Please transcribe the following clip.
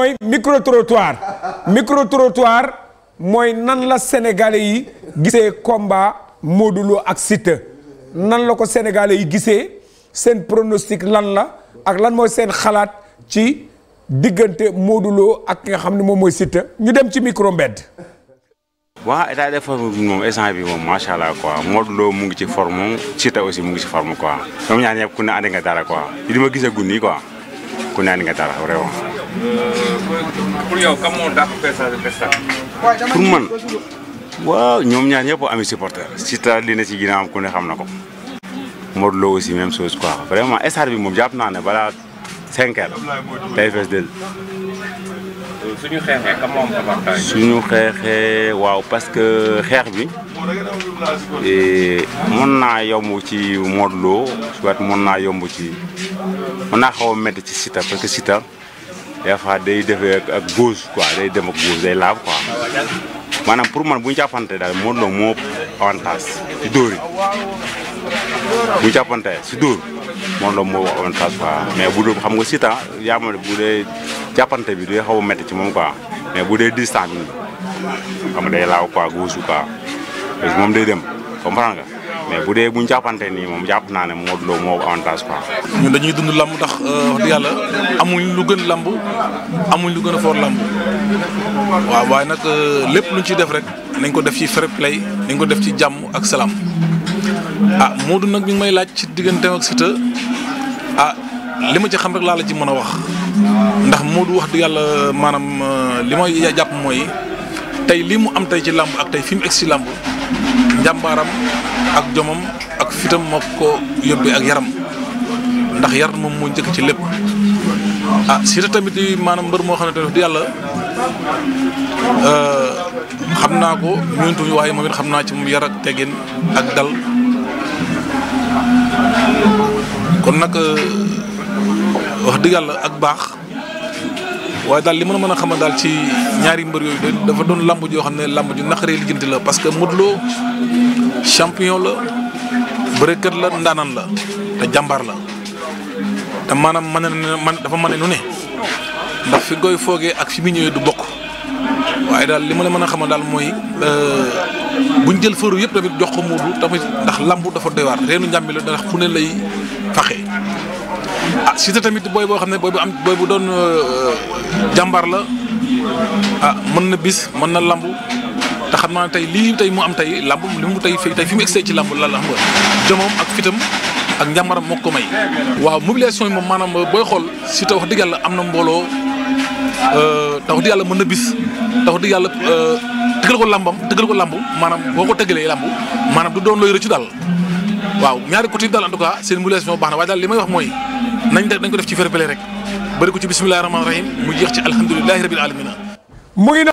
mooy micro trottoir micro mooy nan la sénégalais yi gisee combat Modou ak Siteu nan la ko sénégalais yi gisee seen pronostic lan la ak lan mooy seen xalaat ci diggante Modou Lo ak nga xam ne moom mooy Siteu ñu dem ci micro mbedd. waa état de forme bi moom instant bi moom macha allah quoi Modou mu ngi ci forme Siteu aussi mu ngi ci forme quoi ñoom ñaar ñëpp ku ne andi nga dara quoi li ma gisee gunni quoi ku ne andi nga dara vraiment. pour yow kam moo dàq personnage de personnage. man waaw ñoom ñaar ñëpp ami supporter Siteu li ne ci ginnaawam ku xam na ko. Modou aussi même chose quoi vraiment star bi moom jàpp naane ne balaa cinq heures suñu xeexee waaw parce que xeex bi eh, mën naa yomb ci Modou soit mën naa yomb ci mën naa xaw a ci Siteu parce que Siteu. des fois day defee ak gauche quoi day dem ak gauche day laab quoi maanaam pour man bu ñu jàppante daal Modou Lo moo avantage ci dóor yi bu ñu si dóor Modou Lo moo avantage quoi mais bu dul xam nga si temps bu dee jàppante bi day xaw a ci moom a mais bu dee distance bi xam nga day laaw quoi gauche quoi moom day dem comprendre nga. mais bu dee bu ñu jàppante nii moom jàpp naa ne Modou Lo moo avantage quoi. ñun dañuy dund lamb ndax euh, wax dëgg yàlla amuñ lu gën lamb amuñ lu gën a foor lamb waaw waaye nag euh, lépp luñ ci def rek nañ ko def ci fair play nañ ko def ci jàmm ak salaam ah Modou nag ñu may laaj ci diggante ak Siteu ah li ma ci xam rek laa la ci mën a wax ndax Modou wax dëgg yàlla maanaam euh, li ma jàpp mooy. tey lii mu am tey ci làmb ak tey fi mu egg si làmb njàmbaaram ak jomam ak fitam moo ko ak yaram ndax yar moom moo njëkk ci lépp ah si tamit yi maanaam mbër moo xam ne tamit di yàlla euh, xam naa ko ñuntuñu waaye moom it xam naa ci moom yar ak teggin ak dal kon nag euh, wax dëgg yàlla ak baax waaye daal li mën a mën a xamal daal ci ñaari mbër yooyu dafa doon lamb joo xam ne lamb ju naqaree lijjanti la parce que Modou Lo champion la bërëkkat la ndaanan la te jàmbaar la te maanaam mën na man dafa mën nu ne ndax fi koy foogee ak fi mu ñëwee du bokk waaye daal li ma la mën a xamal daal mooy euh, buñ jël fëru yëpp tamit jox ko Modou tamit ndax lamb dafa doy waar reenu njàmbi la ndax fu ne lay faxe ah Siteu tamit booy boo xam ne booy bu am booy bu doon euh, jàmbaar la a ah, mën na bis mën na lamb te xam naa ne tey lii tey mu am tey lamb li mu tey tey fi mu egsee ci lamb la la xam ak fitam ak njàmbaram moo ko may. waaw mobilisation yi moom maanaam euh, booy xool Siteu wax dëgg yàlla am na mbooloo euh, tax di yàlla mën na bis tax di yàlla tëggal ko lambam tëggal ko lamb maanaam boo ko tëggalee lamb maanaam du doon looy rëccu daal waaw ñaari côté yi daal en tout cas seen mobilisation li may wax mooy. nañ def dañ ko def ci fair play rek bëri ko ci bisimilah rahmaani rahim mu jeex ci alhamdulilahi rabil alamina